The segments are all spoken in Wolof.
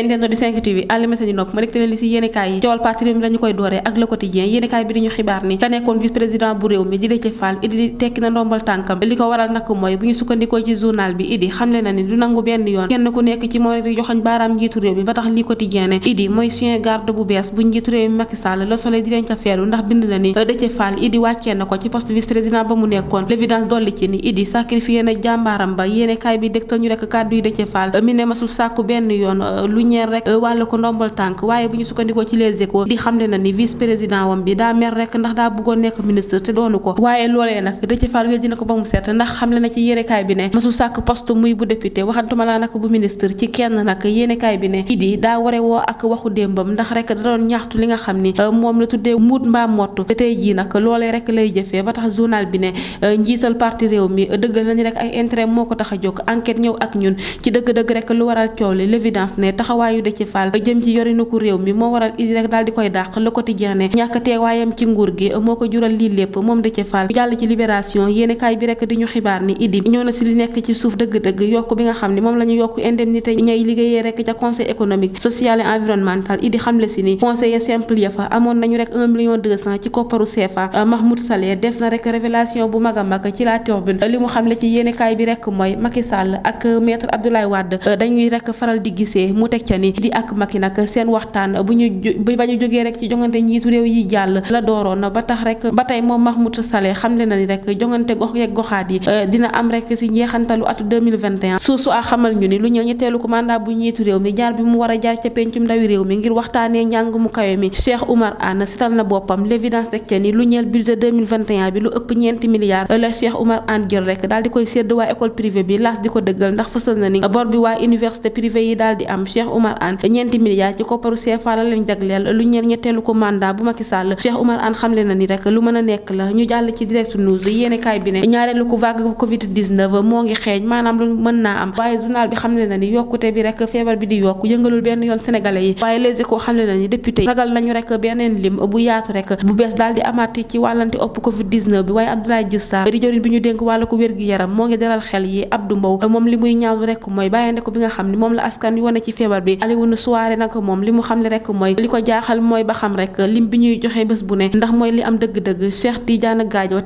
internet du 5 TV ma dégte li si yéenekaay yi coowal parti mi lañu koy dooree ak le quotidien yéenekaay bi dañu xibaar ni la nekkoon vice président bu réew mi ba tax li quotidien ne Idi mooy chien garde bu bees bu njiitu réew mi Macky Sall Le Soleil di leen ca ndax bind na ni Déthié Fall Idi wàccee na ko ci poste vice président ba mu nekkoon l'évidence dolli ci ni Idi sacrifié na jàmbaaram ba yéenekaay bi dégtal ñu rekk kàddu yi Déthié Fall mi ñeel euh, sàkk poste muy bu député waxantuma laa nag bu ministre ci kenn nag yéenekaay bi ne daa ware ak waxu démbam ndax rek da doon ñaxtu li nga xam ni euh, moom la tuddee muut mbaa mott te tey jii nag loolee lay jëfee ba tax journal bi ne euh, njiital parti réew mi dëggal nañu rek ay intérêt moo ko tax a jóg enquête ñëw ak ñun ci dëgg-dëgg lu waral coow li l'évidence ne taxaw taxawaayu Déthié Fall jëm ci yorinu ko réew mi moo waral idi rek daal di koy dàq le quotidien ne ñàkk teewaayam ci nguur gi moo ko jural lii lépp moom Déthié Fall jàll ci libération yéeni bi rek di ñu xibaar ni idi ñëw na si li nekk ci suuf dëgg-dëgg yokk bi nga xam ne moom la yokk indemnité ñay liggéeyee rek ca conseil économique social et environnemental xamle si ni conseiller simple ya fa amoon nañu rek 1 million 200 ci kopparu Mauritanie di ak Macky nag seen waxtaan bu ñu ba ñu jógee rek ci jongante euh, a xamal ñu ni lu ñëw ñetteelu ko bu njiitu réew mi jaar bi mu war a jaar ca pencum ndawi réew mi ngir waxtaanee njàng mu kawe mi Cheikh Oumar Anne sital na boppam l'évidence teg ca ni lu ñeel budget bi lu ëpp ñeenti milliards la Cheikh Oumar Anne jël rek daal di koy sédd waa école privée bi las di ko dëggal ndax fësal na ni bor bi waa université privée yi daal di am Cheikh la leen a ci wàllante opp Covid bi waaye Abdoulaye Diouf Sarr di bi ñu dénk wàllu ko wér gi yaram moo ngi dalal xel yi Abdou Mbow moom li muy ñaawlu rek mooy bàyyande ko bi nga xam ni moom la askan wi ci feebar feebar bi Alioune Souaré nag moom li mu xam ne rek mooy li ko jaaxal mooy ba xam rek lim bi ñuy joxe bés bu ne ndax mooy li am dëgg-dëgg Cheikh Tidiane Gadio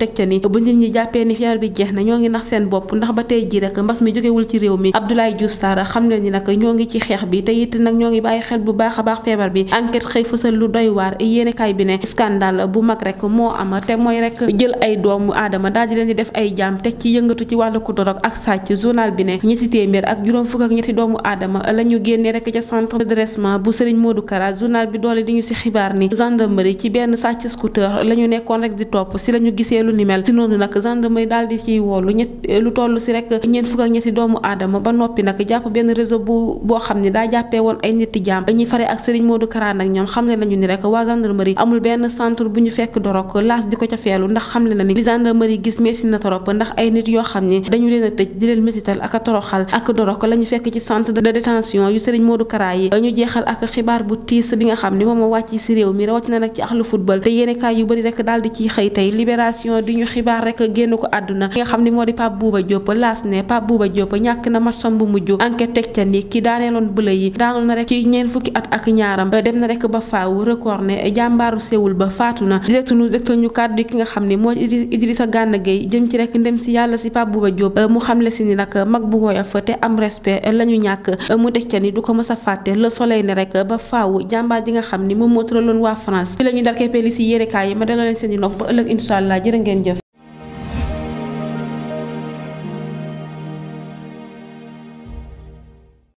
bi ba tey ji rek mbas mi jógewul ci réew mi Abdoulaye Diouf Sarr xam ne ni nag ñoo ngi ci xeex a baax feebar bi enquête xëy fësal lu doy waar yéenekaay bi ne scandale bu mag rek moo am te mooy rek jël ay doomu aadama daal leen di def ay jaam teg ci yëngatu ci wàllu ku dorog ak sàcc journal bi ne ñetti téeméer ak juróom fukk ak ñetti doomu aadama la ñu génnee nekk ca centre de redressement bu Serigne Modou Kara journal bi doole di ñu si xibaar ni gendarmerie ci benn sàcc scooter la nekkoon rek di topp si la gisee lu ni si noonu nag gendarmerie daal di ciy woolu ñett lu toll si rek ñeent fukk ak ñetti doomu aadama ba noppi nag jàpp benn réseau bu boo xam ne daa jàppee woon ay nitti jàmm ñi fare ak Serigne Modou Kara nag ñoom xam ne nañu ni rek waa gendarmerie amul benn centre bu ñu fekk dorog laas di ko ca feelu xam ne ni li gendarmerie gis metti na torop ndax ay nit yoo xam ne dañu leen a tëj di Modou Kara yi ñu jeexal ak xibaar bu tiis bi nga xam ni moom moo wàcc si réew mi rawatina nag ci axlu football te yéenekaay yu bëri rek daal di xëy tey libération di ñu xibaar rek génn ko àdduna ki nga xam ni moo di Pape Bouba Diop jëm ci rek ndem si yàlla si Pape Bouba Diop mu xamle si ni nag mag bu woyof te am respect lañu ñàkk mu teg ca ni du ko mës a fàtte le soleil ne rek ba faaw jàmbaar ji nga xam ni moom moo tëraloon waa France fi la ñuy darkeepee li si yérekaay yi ma dala leen seen di nopp ba ëllëg incha allah ngeen jëf